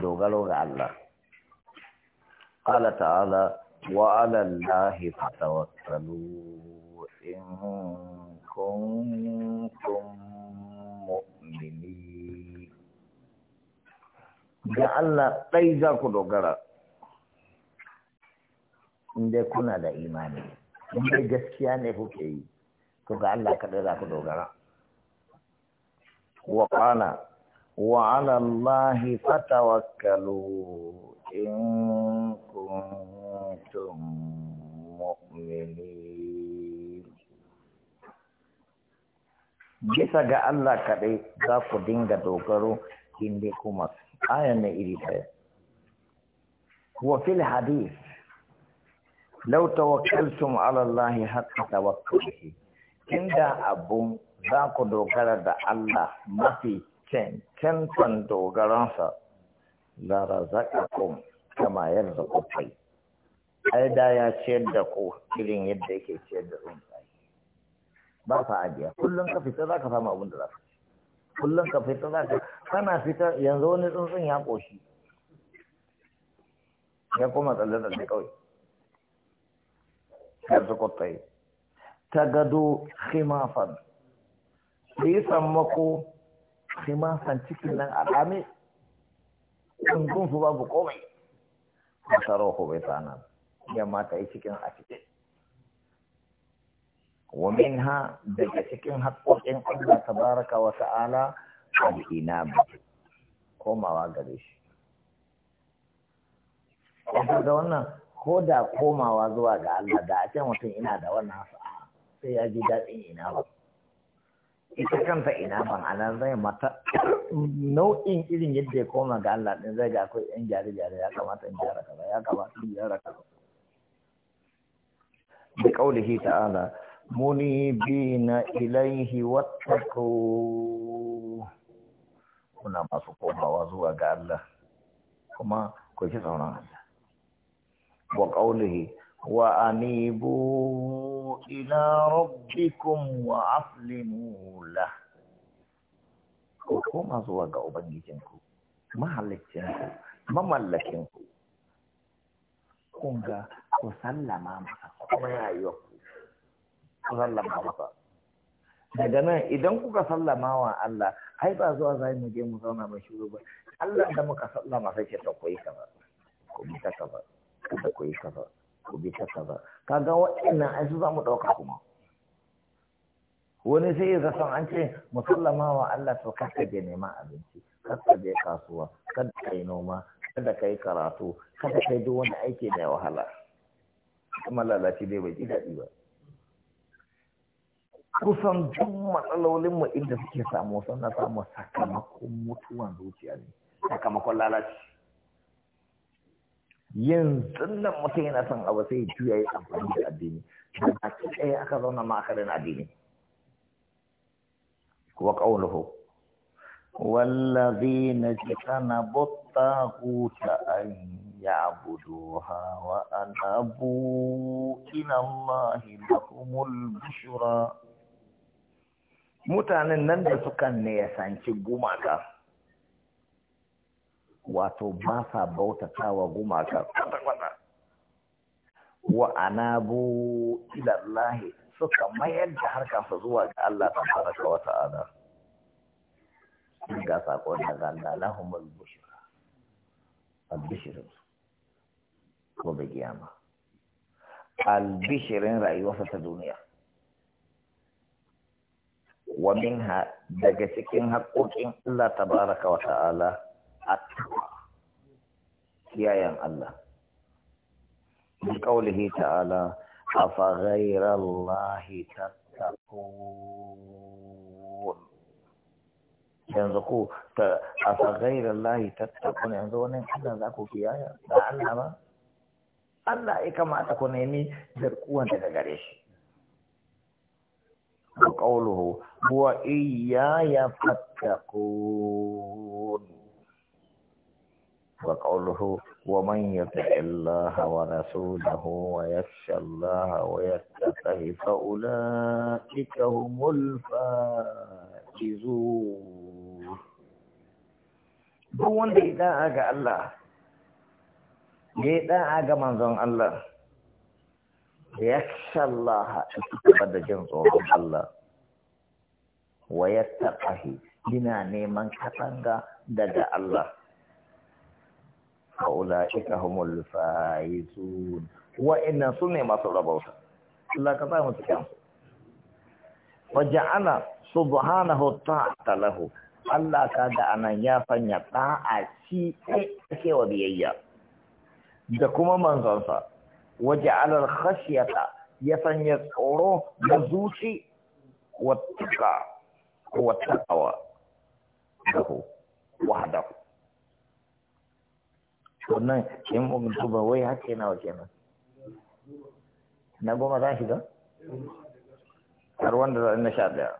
dogaro ga Allah qala ta'ala wa 'ala allahi fatawakkalu in kuntum mu'minin ga Allah ɗai za ku dogara Inde kuna da imani inde gaskiya ne kuke yi to ga Allah kaɗai za ku dogara wa ƙana. وعلى الله فتوكلوا إن كنتم مؤمنين bisa ga Allah kaɗai za ku dinga dogaro in dai kuma ayan iri ɗaya. Wa fil hadith law tawakkaltum ala Allah haqqa tawakkulihi inda abun za ku dogara da Allah mafi cancan dogaransa la razaqakum kama yarzuqu kai ai da ya ciyar da ku irin yadda yake ciyar da tsuntsaye ba sa ajiya kullum ka fita za ka samu abin da za ka kullum ka fita za ka kana fita yanzu wani tsuntsun ya ƙoshi ya kuma tsalle-tsalle kawai ya su kwatai ta gado khimafan su yi sammako sai ma san cikin nan a dame kun su babu komai a tsaro ko bai tsana yamma ta yi cikin a cikin wa ha daga cikin haƙoƙin Allah Ta baraka wa ta'ala al ba komawa gare shi da wannan ko da komawa zuwa ga Allah da a ce mutum ina da wannan sa'a sai ya ji daɗin ina ba ita kanta ina ban anan zai mata nau'in irin yadda ya koma ga Allah din zai ga akwai yan gyare-gyare ya kamata in gyara kaza ya kamata in gyara kaza bi qaulihi ta'ala munibina ilaihi wattaqu kuna masu komawa zuwa ga Allah kuma ku ji tsoron Allah wa qaulihi wa anibu إلى ربكم وأسلموا له وكما زوج أبنجيكم ما حلتكم ما ملككم kunga ku sallama masa kuma rayuwarku ku sallama masa daga nan idan kuka sallama wa Allah ai ba zuwa za mu je mu zauna mai shiru ba Allah da muka sallama sai ke ta koyi kaza ko bi ta kaza ku ta koyi kaza ku bi ta kaza kaga waɗannan ai su zamu ɗauka kuma wani sai ya san an ce musallama wa Allah to kar ka je neman abinci kar je kasuwa kada ka yi noma kada ka yi karatu kada ka yi duk wani aiki mai wahala kuma lalaci dai bai ji daɗi ba kusan duk matsalolin mu inda suke samu sannan samu sakamakon mutuwan zuciya ne sakamakon lalaci yanzu nan mutum yana son abu sai juya yi amfani da addini da baki ɗaya aka zauna ma aka rena addini wa qawluhu wallazina jtanabu at-taghuta an ya'buduha wa anabu ila da lahumul bushra mutanen nan da suka ne ya sanci gumaka wato ba sa bautatawa gumaka kwata-kwata wa anabu ilallahi suka mayar da harkarsa zuwa ga Allah ta faraka wa ta'ala ga sakon daga Allah lahumul bushra albishirin ko da kiyama albishirin rayuwarsa ta duniya wa minha daga cikin haƙoƙin Allah tabaraka wa ta'ala kiyayen Allah. Ƙaulihi ta'ala, a faghairar lahi tattakun. Yanzu ku, a faghairar lahi tattakun yanzu wani Allah za ku kiyaya da Allah ba? Allah ya kamata ku nemi zarkuwan daga gare shi. Ƙaulihu, wa iyaya tattakun. وقوله ومن يطع الله ورسوله ويخشى الله ويتقه فأولئك هم الفائزون duk wanda ya da'a ga Allah ya da'a ga manzon Allah ya da jin tsoron Allah wa ya neman katanga daga Allah fa ulaika humul faizun wa inna sunne masu rabauta Laka ka ba mu wa ja'ala subhanahu ta'ala lahu Allah ka da anan ya fanya ta'a shi ake wa biyayya da kuma manzonsa wa ja'ala al-khashyata ya sanya tsoro da zuci wa tuqa wa taqwa lahu wahdahu wannan in mun duba wai yana wa kenan na goma za shi ga har wanda za na sha daya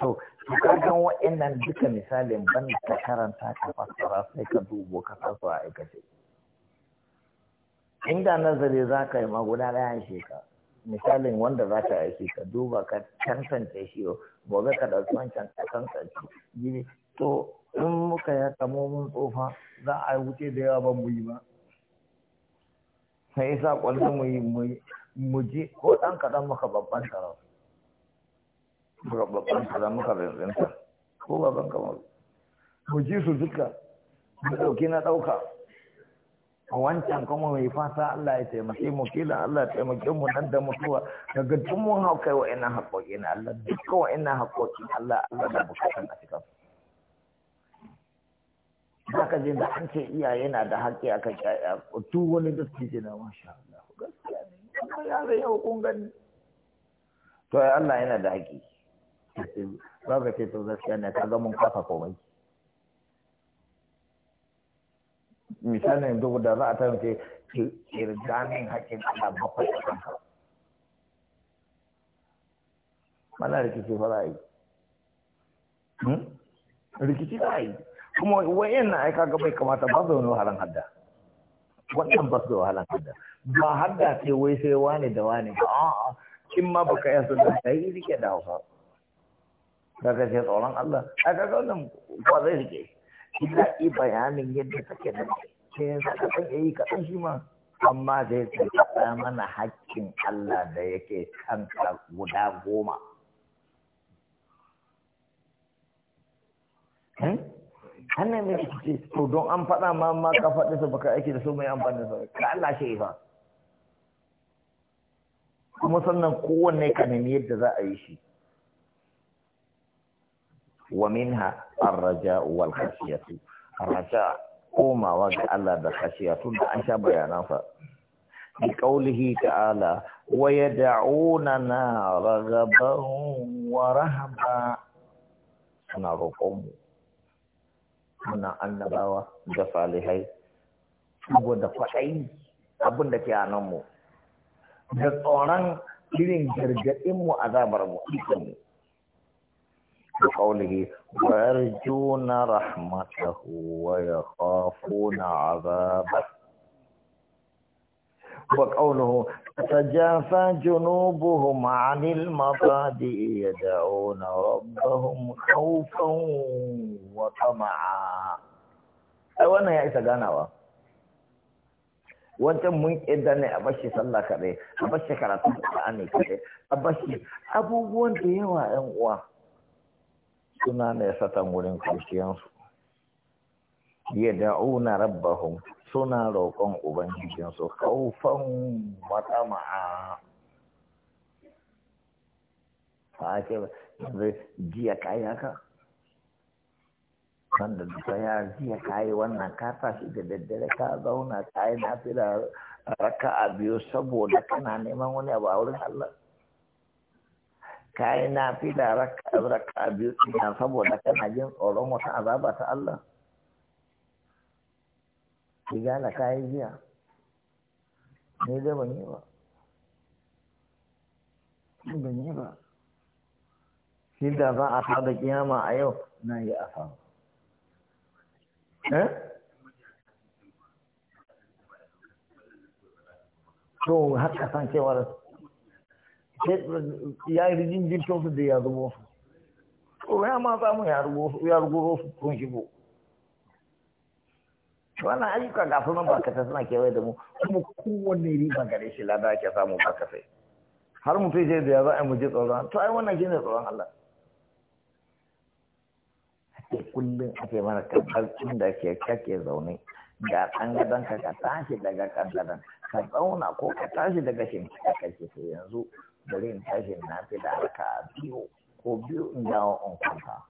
to kakan wa'annan duka misalin ban ta karanta ka fassara sai ka dubo ka fasu a aikace inda nazari za ka yi maguda ɗaya shekara misalin wanda za ka aiki ka duba ka cancanta shi gobe ka ɗauki wancan ka cancanta to in muka ya kamo mun tsofa za a wuce da yawa ban muyi ba sai yasa kwallo mu yi mu je ko dan kadan muka babban tara muka babban tara muka rinta ko babban kamar mu ji su duka mu dauke na dauka a wancan kuma mai fasa Allah ya taimake mu kila Allah ya taimake mu nan da mutuwa daga tun mun hau wa ina haƙoƙi na Allah dukkan ina haƙoƙi Allah Allah da bukatan a cikin haka je da an ce iyaye na da haƙƙi a kan ko duk wani dattijo na masha Allah gaskiya ne amma zai yau kun gani to ai Allah yana da haƙƙi ba ka ce to gaskiya ne kaga mun kafa komai misalin duk da za a ta ce kirganin haƙƙin Allah bakwai a kanka mana rikici fara a yi hmm? rikici za a yi kuma wayan na aika ga bai kamata ba su wani wahalan hadda wannan ba su wahalan hadda ba hadda ce wai sai wani da wani ba a'a in ma baka yi sun da yi rike da hausa daga ce tsoron Allah a ga wannan ba zai rike illa yi bayanin yadda take da sai yanzu ka san yi kaɗan shi ma amma zai tsaya mana haƙƙin Allah da yake kanka guda goma. Hmm? hannun mai ce to don an faɗa ma ma ka faɗi su baka aiki da su mai amfani da su ka Allah shi ifa kuma sannan kowanne ka nemi yadda za a yi shi wa minha ar wal khashiyatu ar-raja komawa ga Allah da khashiyatu da an sha bayanansa bi qawlihi ta'ala wa yad'unana raghaban wa rahaba suna roƙon mu muna annabawa da salihai saboda kwaɗayi abin da ke a nan mu da tsoron irin gargaɗin mu a azabar mu ikin mu da kaulihi wa yarjuna rahmatahu wa yakhafuna zabar. وقوله تتجافى جنوبهم عن المضاجع يدعون ربهم خوفا وطمعا ai wannan ya isa ganawa wancan mun yadda ne a bashi sallah kaɗai a bashi karatu ƙa'ani kaɗai a bashi abubuwan da yawa 'yan uwa suna ne satan wurin kwanciyansu يدعون ربهم suna roƙon Ubangijinsu kaufan matsama'a. A ake yanzu jiya kayi haka? Wanda duka ya jiya kayi wannan ka tashi da daddare ka zauna kayi na fi da raka a biyu saboda kana neman wani abu a wurin Allah. Kayi na fi da raka a biyu saboda kana jin tsoron wata azaba ta Allah. gane kayi jiya ne zai ban yi ba ban yi ba shi da za a da kiyama a yau na yi a samu eh? to haka san cewar ya yi rijin jirgin su da ya zubo su ko ya ma samu ya rugo su kun shigo wannan ayyuka ga sunan barkata suna kewaye da mu kuma kowanne riba gare shi lada ake samu barkatai har mutum zai da ya za a mu muje tsoron to ai wannan ne tsoron Allah ake kullum ake mana kamar da ke kake zaune ga ɗan gadon ka ka tashi daga kan gadon ka tsauna ko ka tashi daga shimfiɗa ka kake to yanzu bari in tashi na fi da raka biyu ko biyu in dawo in kwanta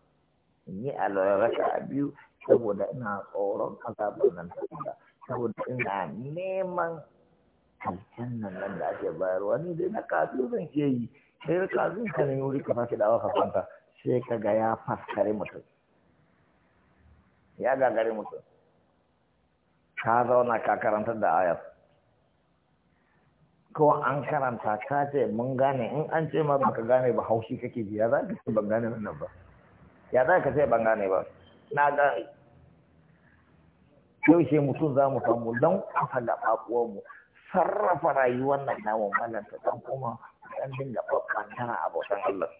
in yi alwala raka biyu saboda ina tsoron azabar nan saboda ina neman aljannan nan da ake bayarwa ni dai na kafi zan iya yi sai ka zan ka ne wuri ka fashe da ka kwanta sai ka ga ya faskare mutum ya gagare mutum ka zauna ka karanta da ayar ko an karanta ka ce mun gane in an ce ma baka gane ba haushi kake ji ya za ka ce ban gane nan ba ya za ka ce ban gane ba na gane yaushe mutum za mu samu don kafa mu sarrafa rayuwar nan namun malanta don kuma da dinga a abokan Allah.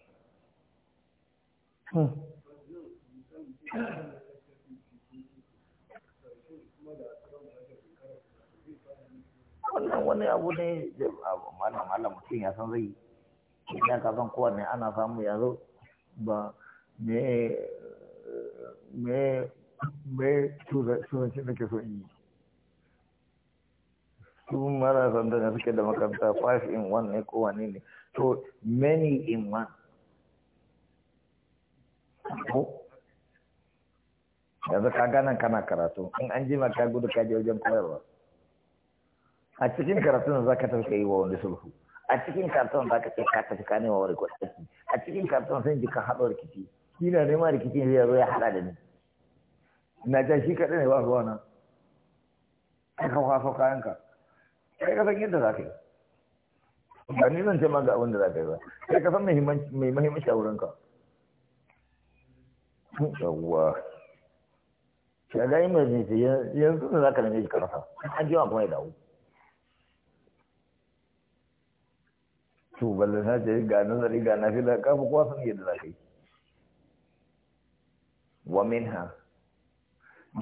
Hmm. wannan wani abu ne malam malam mutum ya san zai ya ka san kowanne ana samu yanzu ba me me me turancin da ke so yi su marasan da suke da makaranta 5 in 1 ne ko wane ne to many in one ko yanzu ka gana kana karatu in an jima ka gudu ka je wajen koyarwa a cikin karatun za ka tafi yi wa wani sulhu a cikin karatun za ka ce ka tafi ka wani kwatsaki a cikin karatun sai ji ka haɗo rikici shi na nema rikicin zai zo ya hada da ni na ja shi kaɗai ne ba ruwa nan kai ka kwaso kayanka kai ka san yadda za ka yi ba ni zan ce ma ga abin da za ka yi ba kai ka san mai mahimmanci a ka. yawwa ya ga yi mai jinsi yanzu da za ka nemi shi ka rasa an jima kuma ya dawo to balle na ce ga nazari ga na fila kafa kowa san yadda za ka yi wa minha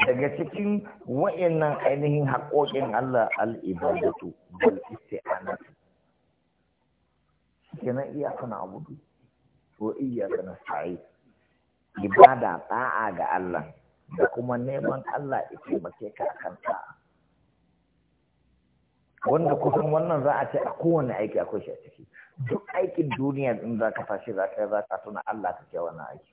daga cikin wa'annan ainihin haƙoƙin Allah al-ibadatu wal kenan iya abudu ko iyaka sa'i ibada ta'a ga Allah da kuma neman Allah ita mace ka akan ta'a wanda kusan wannan za a ce a kowane aiki akwai shi a ciki duk aikin duniya in za ka fashi za ka za ka tuna Allah ka ce wannan aiki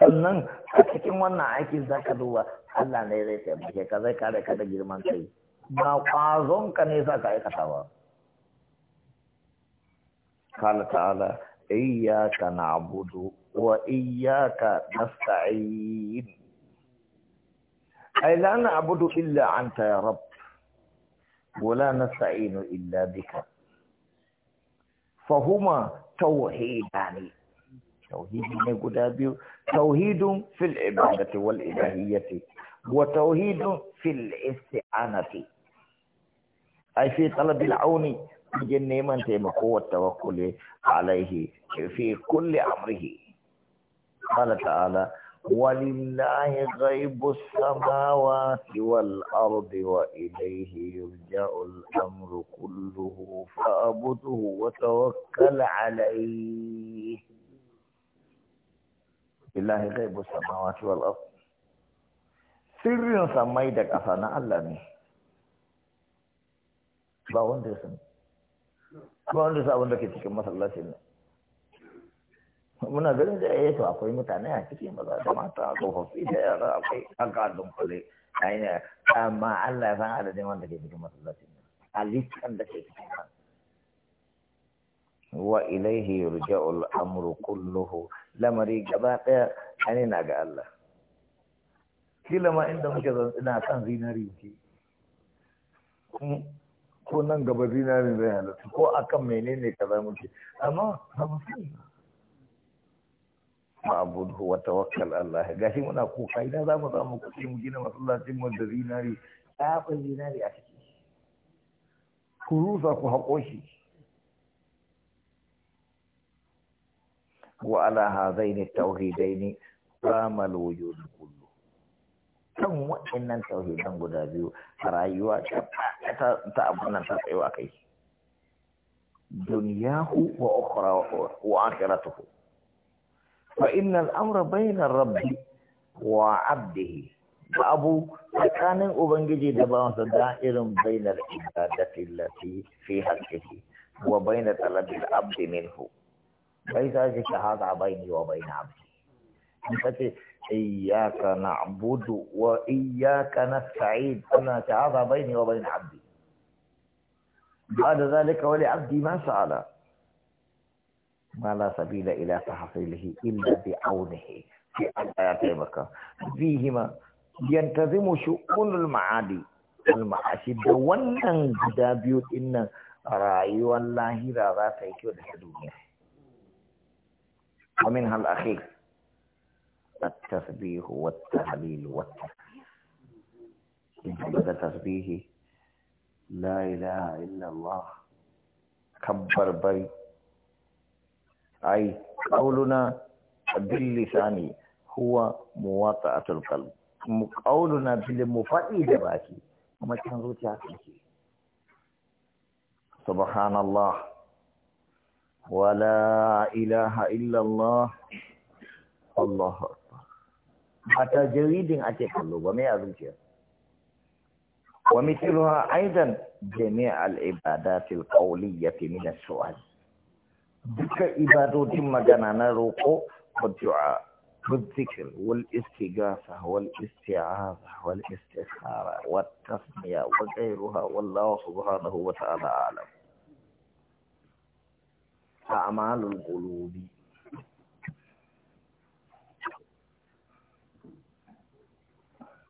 sannan a cikin wannan aikin za ka duba Allah ne zai taimake ka zai kare ka da girman kai ba kwazon ka ne sa ka aikata ba kala ta'ala iyyaka na'budu wa iyyaka nasta'in ai la na'budu illa anta ya rabb wa na nasta'inu illa bika fahuma tauhidani توحيد مقدابي توحيد في العبادة والإلهية وتوحيد في الاستعانة أي في طلب العون من نعمة مقوة التوكل عليه في كل أمره قال تعالى ولله غيب السماوات والأرض وإليه يرجع الأمر كله فأبده وتوكل عليه lillahi ghaibu samawati wal ard sirrin samai da ƙasa na Allah ne ba wanda ya san ba wanda ya san abin da ke cikin masallacin ne. muna ganin da ya eh to akwai mutane a cikin maza da mata tsofaffi da yara akwai haka dunkule ne amma Allah ya san adadin wanda ke cikin masallacin A halittar da ke cikin masallacin wa ilaihi yurja'ul amru kulluhu lamari gaba daya ani na ga Allah kila ma inda muke zan ina kan zinari ce ko nan gaba zinari zai halatta ko akan menene kaza muke amma ba mu ma'abudu wa tawakkal Allah gashi muna kuka idan za mu samu kuɗi mu gina masallacin mu da zinari ɗafin zinari a ciki ku rusa ku haƙo shi وعلى هذين التوحيدين قام الوجود كله kan waɗannan tauhidan guda biyu a rayuwa ta abin ta tsayuwa kai duniyahu wa ukhra wa akhiratuhu fa inna al-amra bayna rabbi wa 'abdihi babu tsakanin ubangiji da bawansa da'irin bainar ibadati lati fi haqqihi wa bainar talabil abdi minhu bai za su ci haka bai wa bai na ba. In ka ce, Iyaka na budu wa iyaka na sa'id ana ci haka bai wa bai na abdi. Ba da zalika wani abdi ma sa'ala. Ma la sabila ila ta hasilihi illa bi aunihi. Fi Allah ya taimaka. Fihi ma yantazimu shukunul ma'adi. Al-ma'ashi da wannan guda biyu ɗin nan rayuwar lahira za ta yi kyau da ta duniya. ومنها الأخير التسبيح والتهليل والتكبير بعد تسبيح لا إله إلا الله كبر بري أي قولنا باللسان هو مواطعة القلب قولنا بالمفائدة باكي وما كان سبحان الله ولا إله إلا الله الله أكبر حتى جريد أتي اللغة ما يعرفك ومثلها أيضا جميع العبادات القولية من السؤال دك عبادة مجانا روكو والدعاء والذكر والاستغاثة والاستعاذة والاستخارة والتسمية وغيرها والله سبحانه وتعالى أعلم a'malul qulubi